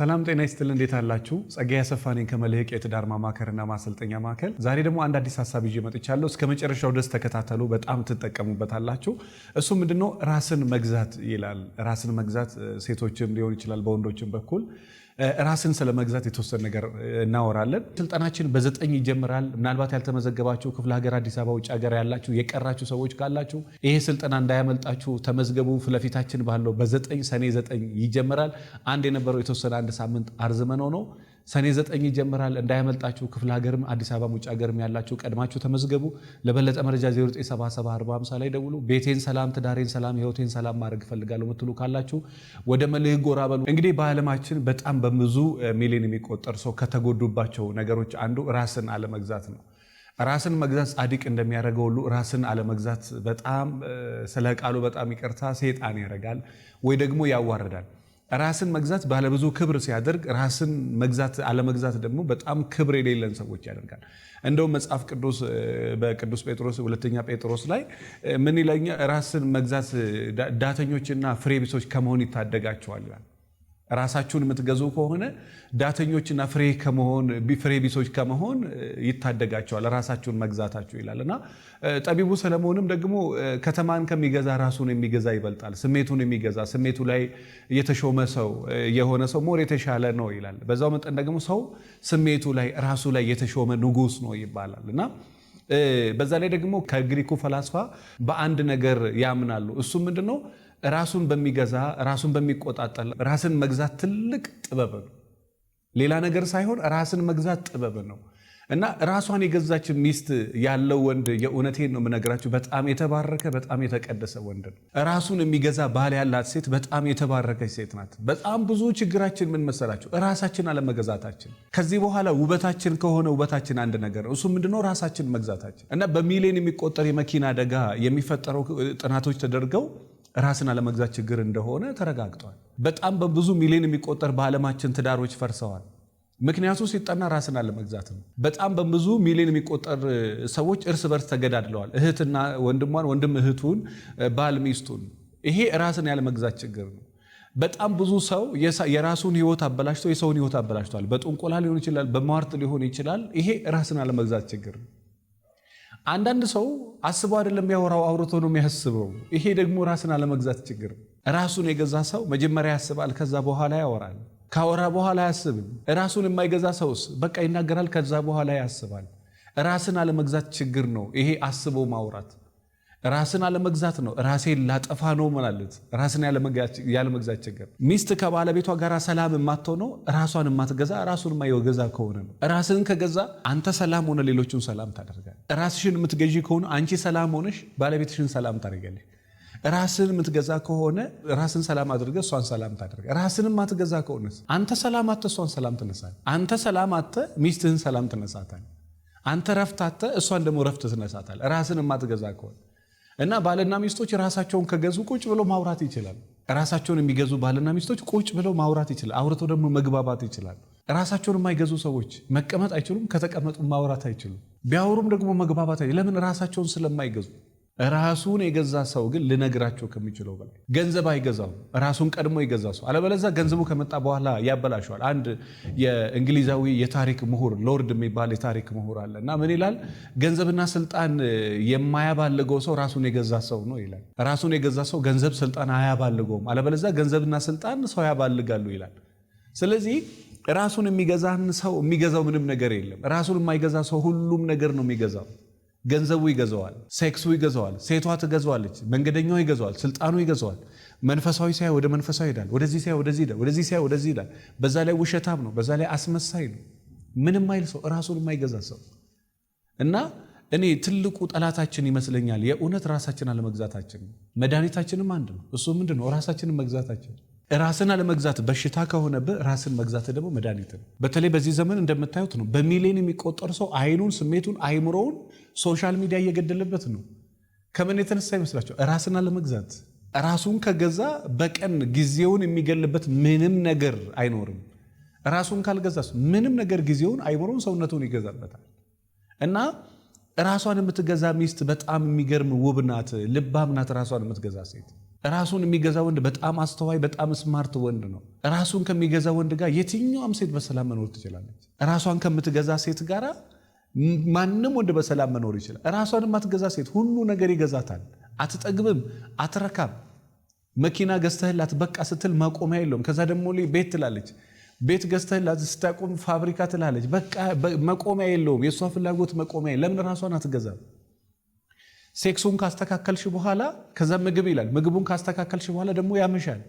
ሰላም ጤና ይስጥልን። እንዴት አላችሁ? ጸጋዬ አሰፋ ነኝ ከመልሕቅ የትዳር ማማከርና ማሰልጠኛ ማዕከል። ዛሬ ደግሞ አንድ አዲስ ሀሳብ ይዤ መጥቻለሁ። እስከ መጨረሻው ድረስ ተከታተሉ፣ በጣም ትጠቀሙበታላችሁ። እሱ ምንድነው? ራስን መግዛት ይላል። ራስን መግዛት ሴቶችም ሊሆን ይችላል በወንዶችም በኩል ራስን ስለመግዛት የተወሰነ ነገር እናወራለን። ስልጠናችን በዘጠኝ ይጀምራል። ምናልባት ያልተመዘገባችሁ ክፍለ ሀገር፣ አዲስ አበባ፣ ውጭ ሀገር ያላችሁ የቀራችሁ ሰዎች ካላችሁ ይሄ ስልጠና እንዳያመልጣችሁ ተመዝገቡ። ፍለፊታችን ባለው በዘጠኝ ሰኔ ዘጠኝ ይጀምራል። አንድ የነበረው የተወሰነ አንድ ሳምንት አርዝመነው ነው ሰኔ ዘጠኝ ይጀምራል። እንዳያመልጣችሁ። ክፍለ ሀገርም አዲስ አበባም ውጭ ሀገርም ያላችሁ ቀድማችሁ ተመዝገቡ። ለበለጠ መረጃ 09774050 ላይ ደውሉ። ቤቴን ሰላም፣ ትዳሬን ሰላም፣ ህይወቴን ሰላም ማድረግ እፈልጋለሁ ምትሉ ካላችሁ ወደ መልሕቅ ጎራ በሉ። እንግዲህ በዓለማችን በጣም በብዙ ሚሊዮን የሚቆጠር ሰው ከተጎዱባቸው ነገሮች አንዱ ራስን አለመግዛት ነው። ራስን መግዛት ጻድቅ እንደሚያደርገው ሁሉ ራስን አለመግዛት በጣም ስለ ቃሉ በጣም ይቅርታ ሴጣን ያደርጋል ወይ ደግሞ ያዋርዳል። ራስን መግዛት ባለብዙ ክብር ሲያደርግ ራስን መግዛት አለመግዛት ደግሞ በጣም ክብር የሌለን ሰዎች ያደርጋል። እንደውም መጽሐፍ ቅዱስ በቅዱስ ጴጥሮስ ሁለተኛ ጴጥሮስ ላይ ምን ይለኛ ራስን መግዛት ዳተኞችና ፍሬ ቢሶች ከመሆን ይታደጋቸዋል። ራሳችሁን የምትገዙ ከሆነ ዳተኞችና ፍሬ ከመሆን ፍሬ ቢሶች ከመሆን ይታደጋቸዋል ራሳችሁን መግዛታችሁ ይላል እና ጠቢቡ ሰለሞንም ደግሞ ከተማን ከሚገዛ ራሱን የሚገዛ ይበልጣል። ስሜቱን የሚገዛ ስሜቱ ላይ የተሾመ ሰው የሆነ ሰው ሞር የተሻለ ነው ይላል። በዛው መጠን ደግሞ ሰው ስሜቱ ላይ ራሱ ላይ የተሾመ ንጉስ ነው ይባላል እና በዛ ላይ ደግሞ ከግሪኩ ፈላስፋ በአንድ ነገር ያምናሉ። እሱ ምንድነው? ነው? ራሱን በሚገዛ ራሱን በሚቆጣጠር ራስን መግዛት ትልቅ ጥበብ ነው። ሌላ ነገር ሳይሆን ራስን መግዛት ጥበብ ነው እና ራሷን የገዛች ሚስት ያለው ወንድ የእውነቴን ነው የምነግራችሁ፣ በጣም የተባረከ በጣም የተቀደሰ ወንድ ነው። ራሱን የሚገዛ ባል ያላት ሴት በጣም የተባረከች ሴት ናት። በጣም ብዙ ችግራችን ምን መሰላችሁ? ራሳችን አለመገዛታችን። ከዚህ በኋላ ውበታችን ከሆነ ውበታችን አንድ ነገር ነው። እሱ ምንድነው? ራሳችን መግዛታችን እና በሚሊዮን የሚቆጠር የመኪና አደጋ የሚፈጠረው ጥናቶች ተደርገው ራስን አለመግዛት ችግር እንደሆነ ተረጋግጧል። በጣም በብዙ ሚሊዮን የሚቆጠር በዓለማችን ትዳሮች ፈርሰዋል። ምክንያቱ ሲጠና ራስን አለመግዛት ነው። በጣም በብዙ ሚሊዮን የሚቆጠር ሰዎች እርስ በርስ ተገዳድለዋል። እህትና ወንድሟን፣ ወንድም እህቱን፣ ባል ሚስቱን። ይሄ ራስን ያለመግዛት ችግር ነው። በጣም ብዙ ሰው የራሱን ህይወት አበላሽቶ የሰውን ህይወት አበላሽቷል። በጥንቆላ ሊሆን ይችላል፣ በሟርት ሊሆን ይችላል። ይሄ ራስን አለመግዛት ችግር ነው። አንዳንድ ሰው አስቦ አይደለም ያወራው፣ አውርቶ ነው የሚያስበው። ይሄ ደግሞ ራስን አለመግዛት ችግር። ራሱን የገዛ ሰው መጀመሪያ ያስባል፣ ከዛ በኋላ ያወራል። ካወራ በኋላ አያስብም። ራሱን የማይገዛ ሰውስ በቃ ይናገራል፣ ከዛ በኋላ ያስባል። ራስን አለመግዛት ችግር ነው ይሄ አስቦ ማውራት። ራስን አለመግዛት ነው። ራሴን ላጠፋ ነው ማለት ራስን ያለመግዛት ችግር። ሚስት ከባለቤቷ ጋር ሰላም የማትሆነው ራሷን የማትገዛ ራሱን የማይገዛ ከሆነ ነው። ራስን ከገዛ አንተ ሰላም ሆነ ሌሎችን ሰላም ታደርጋለህ። ራስሽን የምትገዢ ከሆነ አንቺ ሰላም ሆነሽ ባለቤትሽን ሰላም ታደርጋለሽ። ራስን የምትገዛ ከሆነ ራስን ሰላም አድርገ እሷን ሰላም ታደርገ። ራስን የማትገዛ ከሆነ አንተ ሰላም አተ እሷን ሰላም ትነሳለህ። አንተ ሰላም አተ ሚስትህን ሰላም ትነሳታል አንተ ረፍት አተ እሷን ደግሞ ረፍት ትነሳታል። ራስን የማትገዛ ከሆነ እና ባልና ሚስቶች ራሳቸውን ከገዙ ቁጭ ብለው ማውራት ይችላል። ራሳቸውን የሚገዙ ባልና ሚስቶች ቁጭ ብለው ማውራት ይችላል። አውርተው ደግሞ መግባባት ይችላል። ራሳቸውን የማይገዙ ሰዎች መቀመጥ አይችሉም። ከተቀመጡ ማውራት አይችሉም። ቢያወሩም ደግሞ መግባባት ለምን ራሳቸውን ስለማይገዙ ራሱን የገዛ ሰው ግን ልነግራቸው ከሚችለው በላይ ገንዘብ አይገዛውም። ራሱን ቀድሞ የገዛ ሰው አለበለዚያ ገንዘቡ ከመጣ በኋላ ያበላሸዋል። አንድ የእንግሊዛዊ የታሪክ ምሁር ሎርድ የሚባል የታሪክ ምሁር አለ እና ምን ይላል? ገንዘብና ስልጣን የማያባልገው ሰው ራሱን የገዛ ሰው ነው ይላል። ራሱን የገዛ ሰው ገንዘብ፣ ስልጣን አያባልገውም። አለበለዚያ ገንዘብና ስልጣን ሰው ያባልጋሉ ይላል። ስለዚህ ራሱን የሚገዛን ሰው የሚገዛው ምንም ነገር የለም። ራሱን የማይገዛ ሰው ሁሉም ነገር ነው የሚገዛው። ገንዘቡ ይገዛዋል፣ ሴክሱ ይገዛዋል፣ ሴቷ ትገዛዋለች፣ መንገደኛው ይገዛዋል፣ ስልጣኑ ይገዛዋል። መንፈሳዊ ሳይ ወደ መንፈሳዊ ይሄዳል፣ ወደዚህ ሳይ ወደዚህ ይሄዳል፣ ወደዚህ ሳይ ወደዚህ ይሄዳል። በዛ ላይ ውሸታም ነው፣ በዛ ላይ አስመሳይ ነው። ምንም አይል ሰው፣ ራሱን የማይገዛ ሰው እና እኔ ትልቁ ጠላታችን ይመስለኛል የእውነት ራሳችን አለመግዛታችን። መድኃኒታችንም አንድ ነው። እሱ ምንድን ነው? ራሳችንን መግዛታችን ራስን አለመግዛት በሽታ ከሆነብህ ራስን መግዛት ደግሞ መድኃኒት ነው። በተለይ በዚህ ዘመን እንደምታዩት ነው። በሚሊዮን የሚቆጠር ሰው አይኑን፣ ስሜቱን፣ አይምሮውን ሶሻል ሚዲያ እየገደለበት ነው። ከምን የተነሳ ይመስላቸው? ራስን አለመግዛት። ራሱን ከገዛ በቀን ጊዜውን የሚገልበት ምንም ነገር አይኖርም። ራሱን ካልገዛ ምንም ነገር ጊዜውን፣ አይምሮውን፣ ሰውነቱን ይገዛበታል እና ራሷን የምትገዛ ሚስት በጣም የሚገርም ውብ ናት፣ ልባም ናት። ራሷን የምትገዛ ሴት ራሱን የሚገዛ ወንድ በጣም አስተዋይ፣ በጣም ስማርት ወንድ ነው። ራሱን ከሚገዛ ወንድ ጋር የትኛውም ሴት በሰላም መኖር ትችላለች። ራሷን ከምትገዛ ሴት ጋር ማንም ወንድ በሰላም መኖር ይችላል። ራሷን የማትገዛ ሴት ሁሉ ነገር ይገዛታል። አትጠግብም፣ አትረካም። መኪና ገዝተህላት በቃ ስትል ማቆሚያ የለውም። ከዛ ደግሞ ቤት ትላለች። ቤት ገዝተህላት ስታቆም ፋብሪካ ትላለች። በቃ መቆሚያ የለውም። የእሷ ፍላጎት መቆሚያ ለምን ራሷን አትገዛም? ሴክሱን ካስተካከልሽ በኋላ ከዛ ምግብ ይላል። ምግቡን ካስተካከልሽ በኋላ ደግሞ ያመሻል።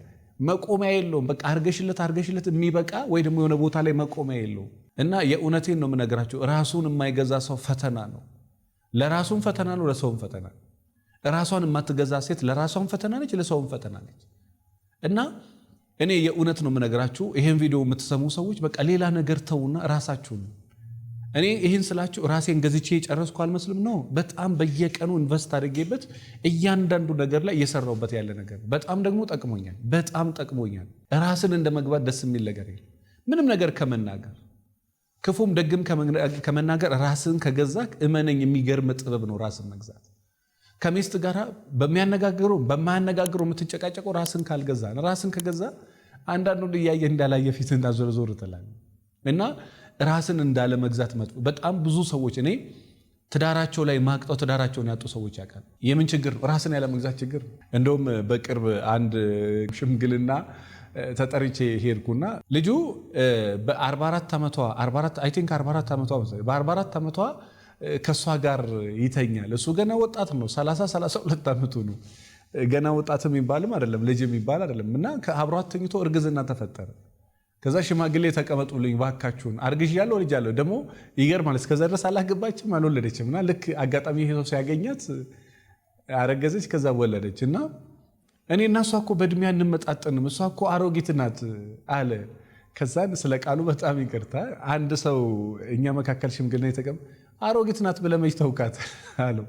መቆሚያ የለውም። በቃ አርገሽለት አርገሽለት የሚበቃ ወይ ደግሞ የሆነ ቦታ ላይ መቆሚያ የለውም። እና የእውነቴን ነው የምነግራቸው፣ ራሱን የማይገዛ ሰው ፈተና ነው። ለራሱም ፈተና ነው፣ ለሰውም ፈተና ራሷን የማትገዛ ሴት ለራሷም ፈተና ነች፣ ለሰውም ፈተና ነች። እና እኔ የእውነት ነው የምነግራችሁ፣ ይሄን ቪዲዮ የምትሰሙ ሰዎች በቃ ሌላ ነገር ተውና ራሳችሁ ነው እኔ ይህን ስላችሁ ራሴን ገዝቼ የጨረስኩ አልመስልም ነው። በጣም በየቀኑ ኢንቨስት አድርጌበት እያንዳንዱ ነገር ላይ እየሰራውበት ያለ ነገር በጣም ደግሞ ጠቅሞኛል። በጣም ጠቅሞኛል። ራስን እንደ መግባት ደስ የሚል ነገር የለም። ምንም ነገር ከመናገር ክፉም ደግም ከመናገር ራስን ከገዛክ እመነኝ፣ የሚገርም ጥበብ ነው ራስን መግዛት። ከሚስት ጋር በሚያነጋግሩ በማያነጋግሩ የምትጨቃጨቀው ራስን ካልገዛ። ራስን ከገዛ አንዳንዱ እያየ እንዳላየ ፊት ዞር ዞር ትላለህ። እና ራስን እንዳለመግዛት መጥፎ። በጣም ብዙ ሰዎች እኔ ትዳራቸው ላይ ማቅጠው ትዳራቸውን ያጡ ሰዎች ያውቃል። የምን ችግር ነው? ራስን ያለመግዛት ችግር እንደውም በቅርብ አንድ ሽምግልና ተጠርቼ ሄድኩና ልጁ በ44 ዓመቷ በ44 ዓመቷ ከእሷ ጋር ይተኛል። እሱ ገና ወጣት ነው፣ 30 32 ዓመቱ ነው። ገና ወጣት የሚባልም አይደለም ልጅ የሚባል አይደለም። እና ከአብሯት ተኝቶ እርግዝና ተፈጠረ። ከዛ ሽማግሌ ተቀመጡልኝ ባካችሁን፣ አርግዣለሁ ልጅ አለሁ ደግሞ ይገርማል። እስከዛ ድረስ አላገባችም አልወለደችም። እና ልክ አጋጣሚ ሰው ሲያገኛት አረገዘች፣ ከዛ ወለደች። እና እኔ እና እሷ እኮ በእድሜ አንመጣጠንም፣ እሷ እኮ አሮጊት ናት አለ። ከዛን ስለ ቃሉ በጣም ይቅርታ፣ አንድ ሰው እኛ መካከል ሽምግልና የተቀም አሮጊት ናት ብለህ መች ተውካት አለው።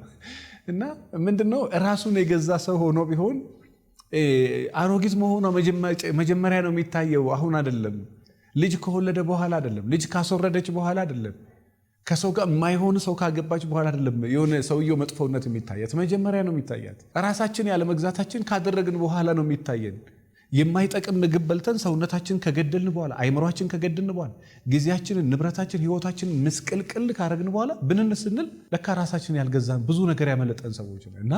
እና ምንድነው ራሱን የገዛ ሰው ሆኖ ቢሆን አሮጊት መሆኗ መጀመሪያ ነው የሚታየው፣ አሁን አይደለም። ልጅ ከወለደ በኋላ አይደለም። ልጅ ካስወረደች በኋላ አይደለም። ከሰው ጋር የማይሆን ሰው ካገባች በኋላ አይደለም። የሆነ ሰውየው መጥፎነት የሚታያት መጀመሪያ ነው የሚታያት። ራሳችን ያለመግዛታችን ካደረግን በኋላ ነው የሚታየን። የማይጠቅም ምግብ በልተን ሰውነታችን ከገደልን በኋላ አይምሯችን ከገደልን በኋላ ጊዜያችንን፣ ንብረታችን፣ ህይወታችን ምስቅልቅል ካረግን በኋላ ብንን ስንል ለካ ራሳችን ያልገዛን ብዙ ነገር ያመለጠን ሰዎች እና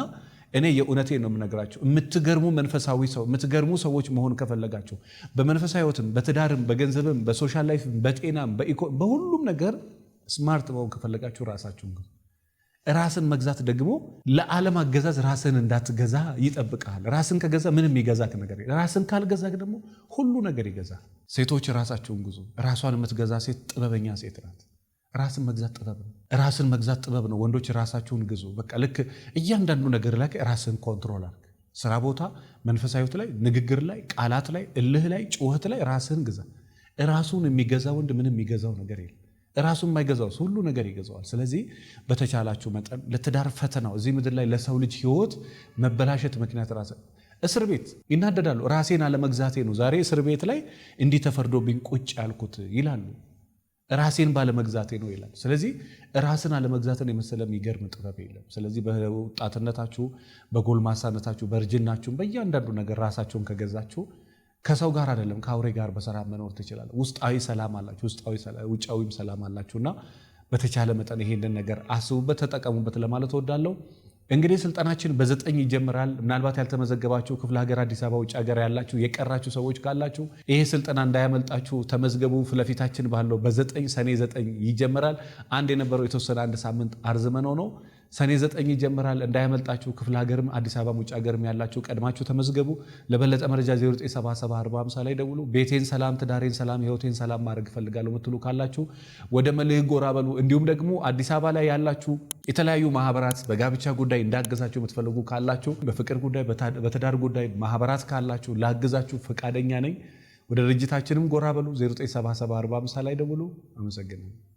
እኔ የእውነቴ ነው የምነግራቸው። የምትገርሙ መንፈሳዊ ሰው የምትገርሙ ሰዎች መሆን ከፈለጋቸው በመንፈሳዊ ህይወትም በትዳርም በገንዘብም በሶሻል ላይፍም በጤናም በሁሉም ነገር ስማርት መሆን ከፈለጋችሁ ራሳችሁን ግዙ። ራስን መግዛት ደግሞ ለዓለም አገዛዝ ራስን እንዳትገዛ ይጠብቃል። ራስን ከገዛ ምንም ይገዛክ ነገር ራስን ካልገዛ ደግሞ ሁሉ ነገር ይገዛል። ሴቶች ራሳችሁን ግዙ። ራሷን የምትገዛ ሴት ጥበበኛ ሴት ናት። ራስን መግዛት ጥበብ ነው። ራስን መግዛት ጥበብ ነው። ወንዶች ራሳችሁን ግዙ። በቃ ልክ እያንዳንዱ ነገር ላይ ራስን ኮንትሮል አድርግ። ስራ ቦታ፣ መንፈሳዊ ህይወት ላይ፣ ንግግር ላይ፣ ቃላት ላይ፣ እልህ ላይ፣ ጩኸት ላይ ራስን ግዛ። ራሱን የሚገዛ ወንድ ምንም የሚገዛው ነገር የለም። ራሱን የማይገዛው ሁሉ ነገር ይገዛዋል። ስለዚህ በተቻላችሁ መጠን ለትዳር ፈተናው እዚህ ምድር ላይ ለሰው ልጅ ህይወት መበላሸት ምክንያት ራስ እስር ቤት ይናደዳሉ። ራሴን አለመግዛቴ ነው ዛሬ እስር ቤት ላይ እንዲህ ተፈርዶብኝ ቁጭ ያልኩት ይላሉ። ራሴን ባለመግዛቴ ነው ይላል። ስለዚህ ራስን አለመግዛትን የመሰለ የሚገርም ጥበብ የለም። ስለዚህ በወጣትነታችሁ፣ በጎልማሳነታችሁ፣ በእርጅናችሁ በእያንዳንዱ ነገር ራሳችሁን ከገዛችሁ ከሰው ጋር አይደለም ከአውሬ ጋር በሰላም መኖር ትችላለ። ውስጣዊ ሰላም አላችሁ፣ ውጫዊም ሰላም አላችሁና በተቻለ መጠን ይሄንን ነገር አስቡበት፣ ተጠቀሙበት ለማለት እወዳለሁ። እንግዲህ ስልጠናችን በዘጠኝ ይጀምራል። ምናልባት ያልተመዘገባችሁ ክፍለ ሀገር፣ አዲስ አበባ፣ ውጭ ሀገር ያላችሁ የቀራችሁ ሰዎች ካላችሁ ይሄ ስልጠና እንዳያመልጣችሁ ተመዝገቡ። ፍለፊታችን ባለው በዘጠኝ ሰኔ ዘጠኝ ይጀምራል። አንድ የነበረው የተወሰነ አንድ ሳምንት አርዝመነው ነው ሰኔ ዘጠኝ ይጀምራል። እንዳያመልጣችሁ። ክፍለ ሀገርም አዲስ አበባም ውጭ ሀገርም ያላችሁ ቀድማችሁ ተመዝገቡ። ለበለጠ መረጃ 09774050 ላይ ደውሉ። ቤቴን ሰላም፣ ትዳሬን ሰላም፣ ህይወቴን ሰላም ማድረግ እፈልጋለሁ ምትሉ ካላችሁ ወደ መል ጎራ በሉ። እንዲሁም ደግሞ አዲስ አበባ ላይ ያላችሁ የተለያዩ ማህበራት በጋብቻ ጉዳይ እንዳገዛችሁ የምትፈልጉ ካላችሁ፣ በፍቅር ጉዳይ፣ በትዳር ጉዳይ ማህበራት ካላችሁ ላግዛችሁ ፈቃደኛ ነኝ። ወደ ድርጅታችንም ጎራ በሉ። 09774050 ላይ ደውሉ። አመሰግናለሁ።